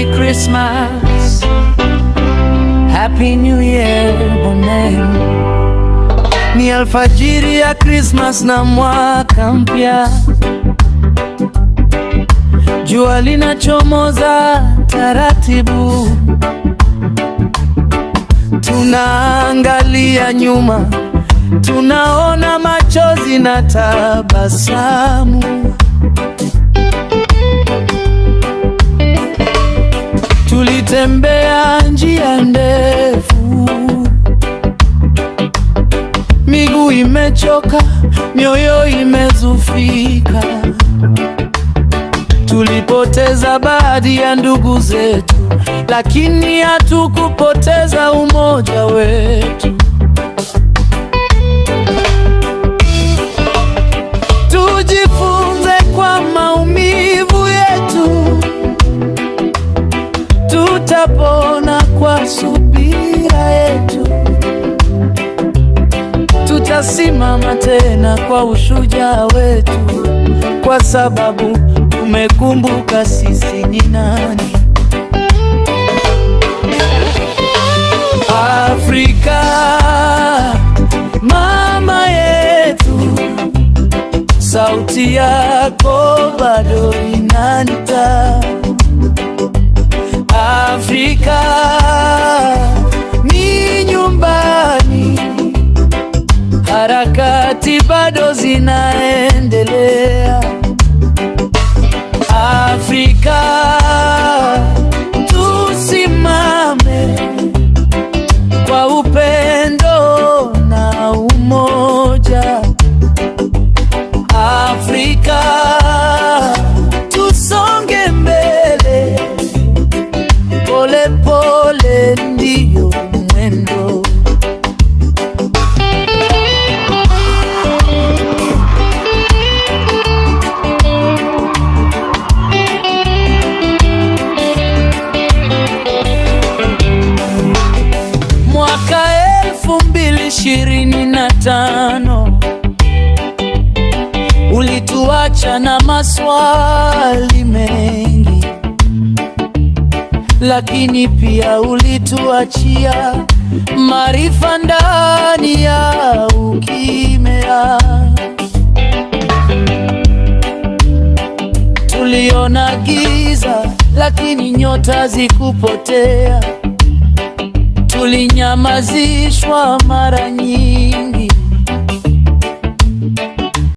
Happy Christmas, Happy New Year boneni. Ni alfajiri ya Christmas na mwaka mpya, jua linachomoza taratibu, tunaangalia nyuma, tunaona machozi na tabasamu Tembea njia ndefu, miguu imechoka, mioyo imezufika. Tulipoteza baadhi ya ndugu zetu, lakini hatukupoteza umoja wetu. kuona kwa subira yetu, tutasimama tena kwa ushujaa wetu, kwa sababu tumekumbuka sisi ni nani. Afrika mama yetu, sauti yako bado inanitaka harakati bado zinaendelea. ishirini na tano ulituacha na maswali mengi, lakini pia ulituachia maarifa ndani ya ukimya. Tuliona giza, lakini nyota zikupotea tulinyamazishwa mara nyingi.